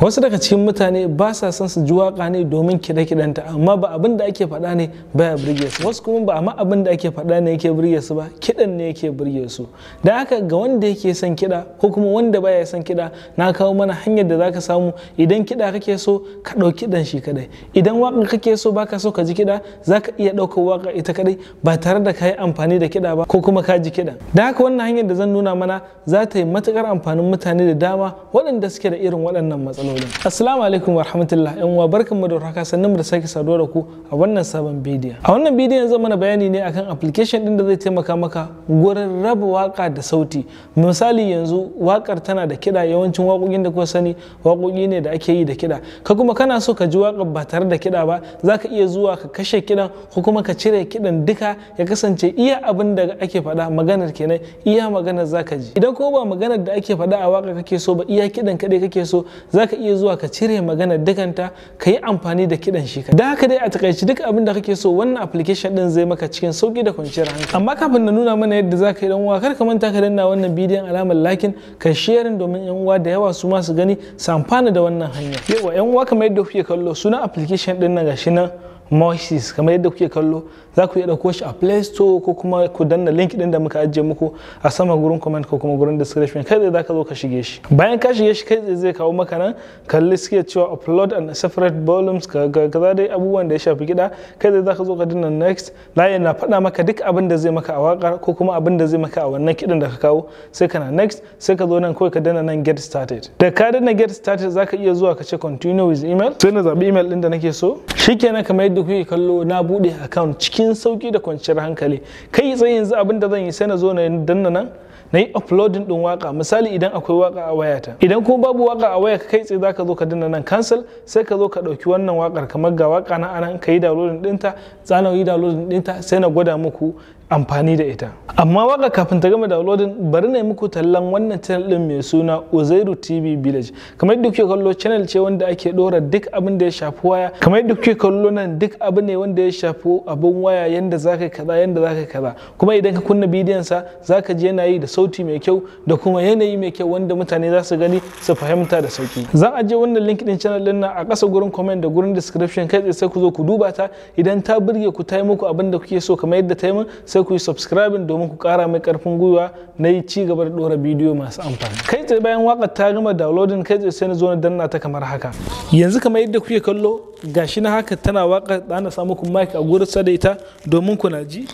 wasu daga cikin mutane ba sa son su ji waka ne domin kiɗe-kiɗanta amma ba abin da ake faɗa ne ba ya burge su wasu kuma ba amma abin da ake faɗa ne yake burge su ba kiɗan ne yake burge su da haka ga wanda yake son kiɗa ko kuma wanda baya son kiɗa na kawo mana hanyar da zaka samu idan kiɗa kake so ka ɗau kiɗan shi kadai idan waka kake so baka so ka ji kiɗa zaka iya ɗaukar waka ita kadai ba tare da ka yi amfani da kiɗa ba ko kuma ka ji kiɗan da haka wannan hanyar da zan nuna mana za ta yi matukar amfanin mutane da dama waɗanda suke da irin waɗannan matsaloli matsalolin assalamu alaikum wa rahmatullah yan uwa barkanmu da warhaka sannan mu da sake saduwa da ku a wannan sabon bidiyon a wannan bidiyon zan mana bayani ne akan application din da zai taimaka maka gurin raba waka da sauti misali yanzu wakar tana da kiɗa yawancin waƙoƙin da kuka sani wakoki ne da ake yi da kiɗa ka kuma kana so ka ji waƙar ba tare da kiɗa ba za ka iya zuwa ka kashe kiɗan ko kuma ka cire kiɗan duka ya kasance iya abin da ake faɗa maganar kenan iya maganar za ka ji idan kuma ba maganar da ake faɗa a waka kake so ba iya kiɗan kaɗai kake so zaka ka iya zuwa ka cire magana dukanta ka yi amfani da kiɗan shi ka da haka dai a takaici duk abin da kake so wannan application din zai maka cikin sauki da kwanciyar hankali amma kafin na nuna mana yadda za ka yi dan uwa kar ka manta ka danna wannan bidiyon alamar lakin ka sharing domin yan uwa da yawa su ma su gani su amfana da wannan hanya yawa yan uwa kamar yadda kuke kallo sunan application din na gashi nan moses kamar yadda kuke kallo za ku iya ɗauko shi a Play Store ko kuma ku danna link ɗin da muka ajiye muku a saman gurin comment ko kuma gurin description kai tsaye za ka zo ka shige shi bayan ka shige shi kai tsaye zai kawo maka nan kalli suke cewa upload and separate volumes za dai abubuwan da ya shafi gida kai tsaye za ka zo ka danna next layin na faɗa maka duk abin da zai maka a waƙar ko kuma abin da zai maka a wannan kiɗin da ka kawo sai kana next sai ka zo nan kawai ka danna nan get started da ka danna get started za ka iya zuwa ka ce continue with email sai na zaɓi email ɗin da nake so shikenan kamar yadda da kuke kallo na bude account cikin sauki da kwanciyar hankali kai tsaye yanzu abin da zan yi sai na zo na danna nan na yi uploading din waka misali idan akwai waka a wayata idan kuma babu waka a waya kai tsaye zaka zo ka danna nan cancel sai ka zo ka dauki wannan wakar kamar ga waka na anan ka yi downloading dinta tsana yi downloading dinta sai na gwada muku amfani da ita amma waka kafin ta gama downloading bari na muku tallan wannan channel din mai suna Uzairu TV Village kamar yadda kuke kallo channel ce wanda ake dora duk abin da ya shafi waya kamar yadda kuke kallo nan duk abu ne wanda ya shafi abin waya yanda zaka kaza yanda zaka kaza kuma idan ka kunna bidiyon sa zaka ji yana yi da sauti mai kyau da kuma yanayi mai kyau wanda mutane za su gani su fahimta da sauki zan aje wannan link din channel din nan a ƙasa gurin comment da gurin description kai sai ku zo ku duba ta idan ta burge ku ta muku abin da kuke so kamar yadda ta yi min sai sai ku yi subscribing domin ku kara mai karfin gwiwa na yi ci gaba da dora bidiyo masu amfani kai tsaye bayan wakar ta gama downloading kai tsaye sai na zo na danna ta kamar haka yanzu kamar yadda kuke kallo gashi na haka tana waka da na samu ku mic a gurin sa da ita domin ku na ji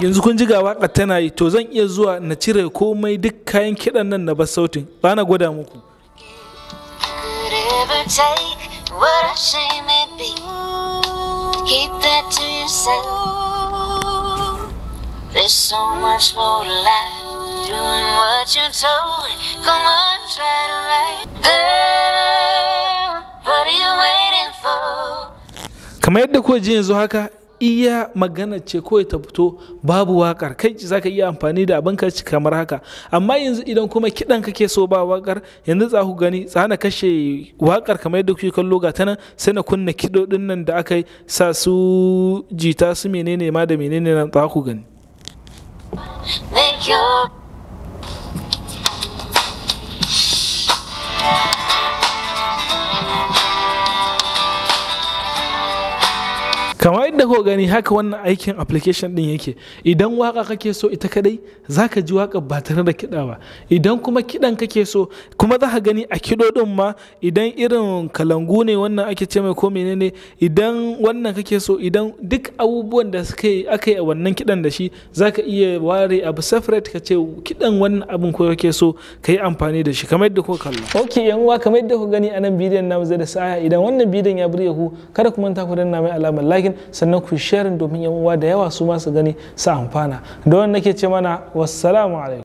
yanzu kun ji ga waka tana yi to zan iya zuwa na cire komai duk kayan kiɗan nan na bar sautin ba na gwada muku take what I seen Keep that to yourself. There's so much more to life. Doing what you're told. Come on, try to write. Girl, what are you waiting for? Kamar yadda kuwa ji yanzu haka iya magana ce kawai ta fito babu wakar kai zaka zaka iya amfani da abin ci kamar haka amma yanzu idan kuma kiɗan kake so ba wakar yanzu za ku gani tsana kashe wakar kamar yadda kuke kallo ga tanan sai na kunna kiɗoɗin nan da aka sa su jita su menene ma da menene nan za ku gani Thank you. yadda ko gani haka wannan aikin application din yake idan waka kake so ita kadai zaka ji waka ba tare da kida ba idan kuma kidan kake so kuma za ka gani a kido din ma idan irin kalangu ne wannan ake ce mai ko menene idan wannan kake so idan duk abubuwan da suka yi aka yi a wannan kidan da shi zaka iya ware abu separate ka ce kidan wannan abin ko kake so ka yi amfani da shi kamar yadda ko kalla ok yan uwa kamar yadda ku gani a nan bidiyon namu zai da sa'a idan wannan bidiyon ya burge ku kada ku manta ku danna mai alamar lakin sannan sannan ku sharing domin yan uwa da yawa su ma su gani sa amfana da wannan nake ce mana wassalamu alaikum